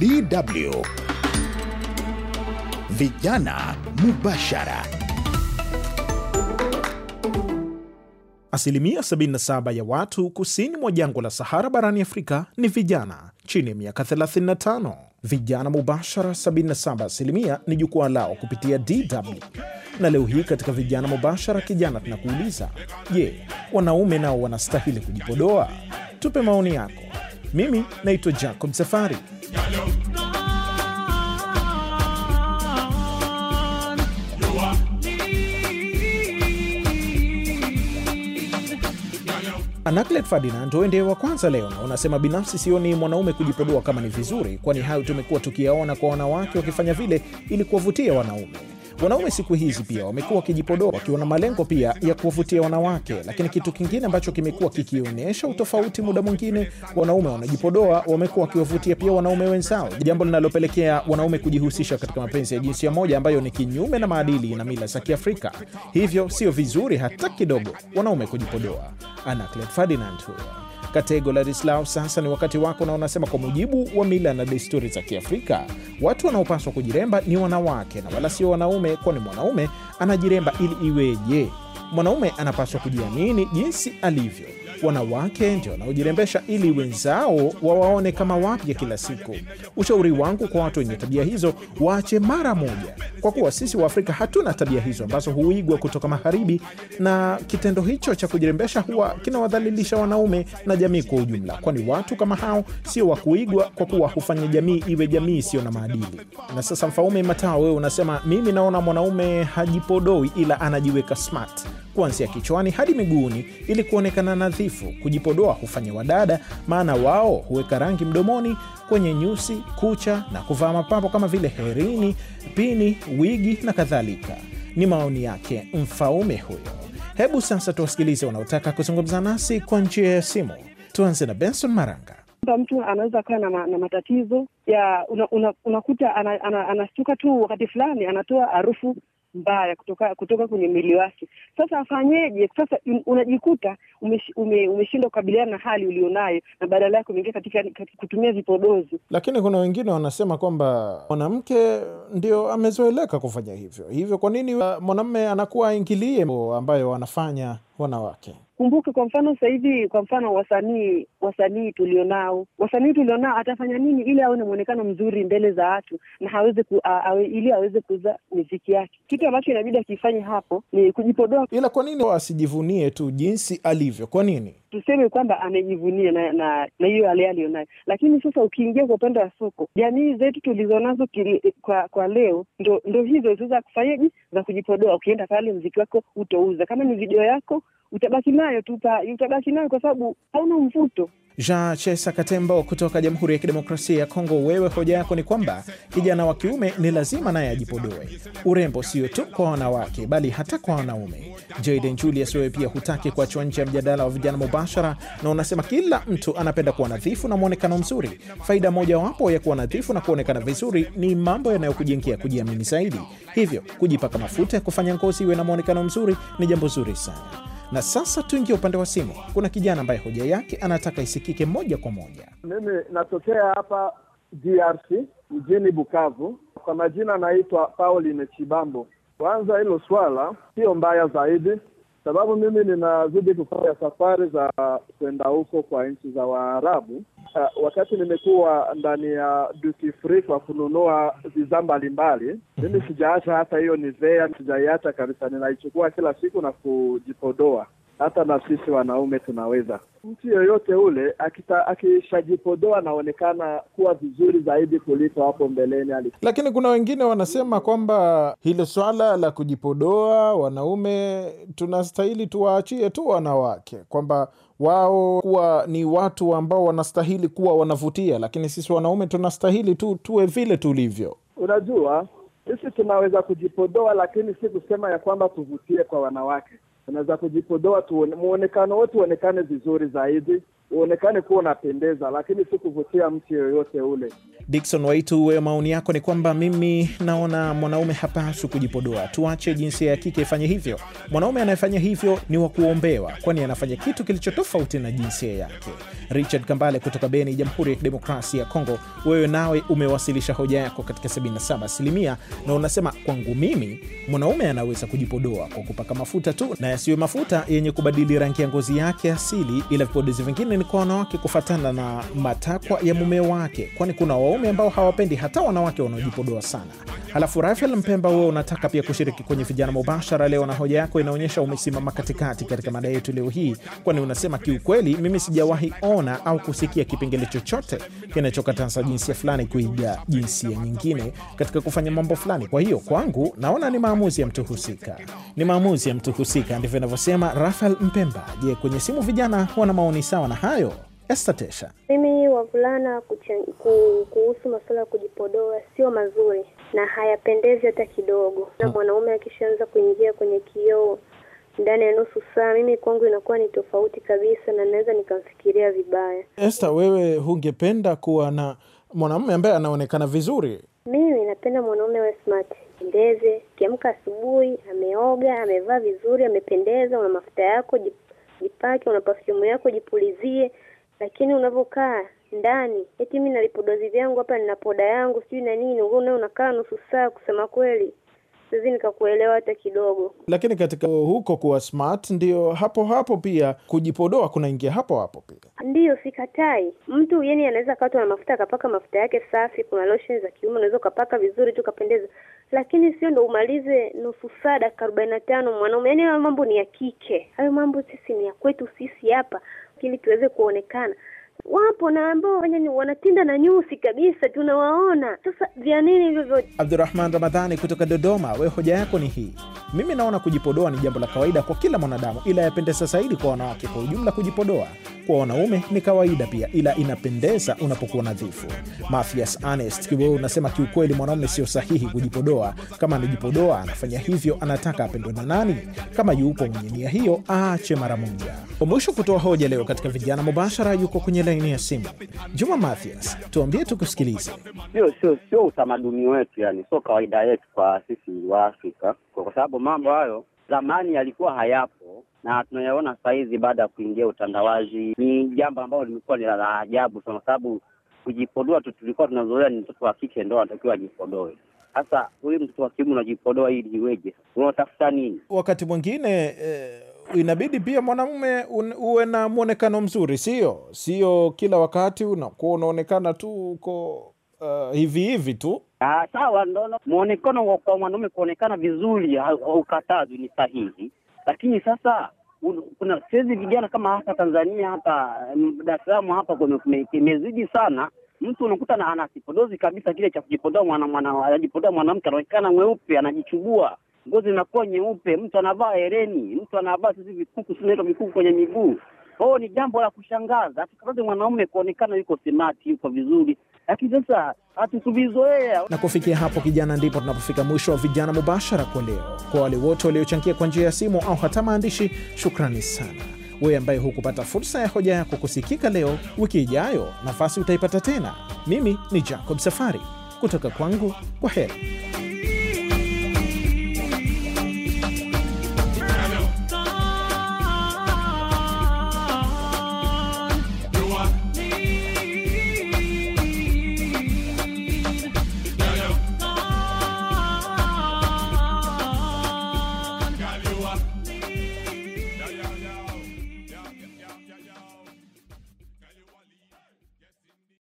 DW Vijana Mubashara. Asilimia 77 ya watu kusini mwa jangwa la Sahara barani Afrika ni vijana chini ya miaka 35. Vijana Mubashara 77 asilimia ni jukwaa lao kupitia DW. Na leo hii katika Vijana Mubashara, kijana, tunakuuliza je, wanaume nao wanastahili kujipodoa? Tupe maoni yako. Mimi naitwa Jacob Safari. Anaclet Ferdinand uende wa kwanza leo na unasema, binafsi sioni mwanaume kujipodoa kama ni vizuri, kwani hayo tumekuwa tukiyaona kwa wanawake wakifanya vile ili kuwavutia wanaume. Wanaume siku hizi pia wamekuwa wakijipodoa wakiwa na malengo pia ya kuwavutia wanawake, lakini kitu kingine ambacho kimekuwa kikionyesha utofauti, muda mwingine wanaume wanajipodoa wamekuwa wakiwavutia pia wanaume wenzao, jambo linalopelekea wanaume kujihusisha katika mapenzi ya jinsia moja ambayo ni kinyume na maadili na mila za Kiafrika. Hivyo sio vizuri hata kidogo wanaume kujipodoa. Ana Ferdinand huyo. Katego Ladislau, sasa ni wakati wako, na unasema, kwa mujibu wa mila na desturi za Kiafrika, watu wanaopaswa kujiremba ni wanawake na wala sio wanaume, kwani mwanaume anajiremba ili iweje? Mwanaume anapaswa kujiamini jinsi alivyo. Wanawake ndio wanaojirembesha ili wenzao wawaone kama wapya kila siku. Ushauri wangu kwa watu wenye tabia hizo, waache mara moja, kwa kuwa sisi Waafrika hatuna tabia hizo ambazo huigwa kutoka Magharibi, na kitendo hicho cha kujirembesha huwa kinawadhalilisha wanaume na jamii kwa ujumla, kwani watu kama hao sio wa kuigwa, kwa kuwa hufanya jamii iwe jamii isiyo na maadili. Na sasa, Mfaume Matao, wewe unasema mimi naona mwanaume hajipodoi ila anajiweka smart kuanzia kichwani hadi miguuni ili kuonekana nadhifu. Kujipodoa hufanya wadada, maana wao huweka rangi mdomoni, kwenye nyusi, kucha na kuvaa mapambo kama vile herini, pini, wigi na kadhalika. Ni maoni yake mfaume huyo. Hebu sasa tuwasikilize wanaotaka kuzungumza nasi kwa njia ya simu. Tuanze na Benson Maranga. Mtu anaweza kaa na, ma, na matatizo ya unakuta una, una anashtuka ana, ana tu wakati fulani anatoa harufu mbaya kutoka kutoka kwenye wake Sasa afanyeje? Sasa unajikuta umeshindwa ume kukabiliana na hali ulionayo na badala yake umeingia katika, katika kutumia vipodozi. Lakini kuna wengine wanasema kwamba mwanamke ndio amezoeleka kufanya hivyo hivyo, kwa nini uh, mwanamme anakuwa aingilie ambayo wanafanya wanawake? Kumbuke kwa mfano sasa hivi, kwa mfano wasanii wasanii tulionao wasanii tulionao, atafanya nini ili awe na mwonekano mzuri mbele za watu na haweze ku, awe, ili aweze kuuza miziki yake? Kitu ambacho inabidi akifanye hapo ni kujipodoa. Ila kwa nini asijivunie tu jinsi alivyo? Kwa nini tuseme kwamba amejivunia na na, na hiyo hali aliyonayo? Lakini sasa ukiingia kwa upande wa soko, jamii zetu tulizonazo kwa kwa leo ndo, ndo hizo za kufanyaji za kujipodoa. Ukienda pale mziki wako utouza, kama ni video yako utabaki nayo tu, utabaki nayo kwa sababu hauna mvuto. Jean Chesa Katembo kutoka Jamhuri ya Kidemokrasia ya Kongo, wewe hoja yako ni kwamba kijana wa kiume ni lazima naye ajipodoe. Urembo sio tu kwa wanawake, bali hata kwa wanaume. Jaden Julius, wewe pia hutaki kuachwa nje ya mjadala wa vijana mubashara, na unasema kila mtu anapenda kuwa nadhifu na mwonekano mzuri. Faida mojawapo ya kuwa nadhifu na kuonekana vizuri ni mambo yanayokujengea kujiamini zaidi, hivyo kujipaka mafuta ya kufanya ngozi iwe na mwonekano mzuri ni jambo zuri sana. Na sasa tuingie upande wa simu. Kuna kijana ambaye hoja yake anataka isikike moja kwa moja. Mimi natokea hapa DRC mjini Bukavu, kwa majina anaitwa Pauline Chibambo. Kwanza hilo swala sio mbaya zaidi sababu mimi ninazidi kufanya safari za kwenda huko kwa nchi za Waarabu. Uh, wakati nimekuwa ndani ya duty free kwa kununua bidhaa mbalimbali, mimi sijaacha hata hiyo Nivea, sijaiacha kabisa, ninaichukua kila siku na kujipodoa hata na sisi wanaume tunaweza. Mtu yoyote ule akishajipodoa anaonekana kuwa vizuri zaidi kuliko hapo mbeleni Lakini kuna wengine wanasema kwamba hilo swala la kujipodoa wanaume tunastahili tuwaachie tu wanawake, kwamba wao kuwa ni watu ambao wanastahili kuwa wanavutia, lakini sisi wanaume tunastahili tu tuwe vile tulivyo. Unajua, sisi tunaweza kujipodoa, lakini si kusema ya kwamba tuvutie kwa wanawake tunaweza kujipodoa tu, muonekano wetu uonekane vizuri zaidi, uonekane kuwa unapendeza, lakini si kuvutia mtu yoyote ule. Dikson Waitu, wewe maoni yako ni kwamba mimi naona mwanaume hapaswi kujipodoa, tuache jinsia ya kike ifanye hivyo. Mwanaume anayefanya hivyo ni wa kuombewa, kwani anafanya kitu kilicho tofauti na jinsia yake. Richard Kambale kutoka Beni, Jamhuri ya Kidemokrasia ya Kongo, wewe nawe umewasilisha hoja yako katika 77 asilimia na unasema, kwangu mimi mwanaume anaweza kujipodoa kwa kupaka mafuta tu na yasiwe mafuta yenye kubadili rangi ya ngozi yake asili, ila vipodozi vingine ni kwa wanawake kufatana na matakwa ya mume wake, kwani kuna waume ambao hawapendi hata wanawake wanaojipodoa sana. Halafu Rafael Mpemba, wewe unataka pia kushiriki kwenye vijana mubashara leo, na hoja yako inaonyesha umesimama katikati katika mada yetu leo hii, kwani unasema kiukweli, mimi sijawahi ona au kusikia kipengele chochote kinachokataza jinsia fulani kuiga jinsia nyingine katika kufanya mambo fulani. Kwa hiyo kwangu naona ni maamuzi ya mtu husika, ni maamuzi ya mtu husika ndivyo inavyosema Rafael Mpemba. Je, kwenye simu vijana wana maoni sawa na hayo? Estatesha, mimi wavulana kuhusu masuala ya kujipodoa sio mazuri na hayapendezi hata kidogo, na hmm. mwanaume akishaanza kuingia kwenye kioo ndani ya nusu saa, mimi kwangu inakuwa ni tofauti kabisa, na naweza nikamfikiria vibaya. este wewe hungependa kuwa na mwanamume ambaye anaonekana vizuri? Mimi napenda mwanaume wa smart jipendeze. Kiamka asubuhi, ameoga, amevaa vizuri, amependeza, una mafuta yako, jipake, una perfume yako, jipulizie. Lakini unavyokaa ndani, eti mimi na vipodozi vyangu hapa, nina poda yangu, sijui na nini, wewe unakaa nusu saa, kusema kweli sizi nikakuelewa hata kidogo. Lakini katika huko kuwa smart, ndio hapo hapo pia kujipodoa kunaingia hapo hapo pia. Ndiyo, sikatai. Mtu yani anaweza akatwa na mafuta akapaka mafuta yake safi, kuna lotion za kiume unaweza ukapaka vizuri tu kapendeza lakini sio ndo umalize nusu saa dakika arobaini na tano mwanaume. Yani hayo mambo ni ya kike, hayo mambo sisi ni ya kwetu sisi hapa, ili tuweze kuonekana wapo na ambao wanatinda na nyusi kabisa, tunawaona. Sasa vya nini hivyo Abdurahman Ramadhani kutoka Dodoma, we hoja yako ni hii. Mimi naona kujipodoa ni jambo la kawaida kwa kila mwanadamu, ila yapendeza zaidi kwa wanawake kwa ujumla. Kujipodoa kwa wanaume ni kawaida pia, ila inapendeza unapokuwa nadhifu. Mafias Anest Kiwewe unasema kiukweli, mwanaume sio sahihi kujipodoa. Kama anajipodoa anafanya hivyo, anataka apendwe na nani? Kama yupo mwenye nia hiyo, aache mara moja. Kwa mwisho kutoa hoja leo katika vijana mubashara, yuko kwenye laini ya simu. Juma Mathias, tuambie tukusikilize. Sio sio sio utamaduni wetu, yani sio kawaida yetu kwa sisi wa Afrika, kwa sababu mambo hayo zamani yalikuwa hayapo na tunayaona sahizi baada ya kuingia utandawazi. Ni jambo ambalo limekuwa ni la ajabu sana, kwa sababu kujipodoa tu tulikuwa tunazoea ni mtoto wa kike ndo anatakiwa ajipodoe. Sasa huyu mtoto wa kiume unajipodoa ili iweje? Unatafuta nini? Wakati mwingine eh inabidi pia mwanamume uwe na mwonekano mzuri, sio sio kila wakati unakuwa unaonekana tu uko uh, hivi hivi tu. Ah, sawa, ndono mwonekano kwa mwanaume kuonekana vizuri haukatazwi, ni sahihi, lakini sasa kuna saizi vijana kama hapa Tanzania hapa mm, Dar es Salaam hapa kumezidi sana. Mtu unakuta na anasipodozi kabisa kile cha kujipodoa, mwana mwana anajipodoa mwanamke, anaonekana mweupe, anajichubua ngozi inakuwa nyeupe, mtu anavaa hereni, mtu anavaa sisi vikuku, sinaitwa vikuku kwenye miguu. o ni jambo la kushangaza. Hatukaze mwanaume kuonekana yuko smart, yuko vizuri, lakini sasa hatukuvizoea. Na kufikia hapo, kijana, ndipo tunapofika mwisho wa Vijana Mubashara kwa leo. Kwa wale wote waliochangia kwa njia ya simu au hata maandishi, shukrani sana. Wewe ambaye hukupata fursa ya hoja yako kusikika leo, wiki ijayo nafasi utaipata tena. Mimi ni Jacob Safari kutoka kwangu, kwa heri.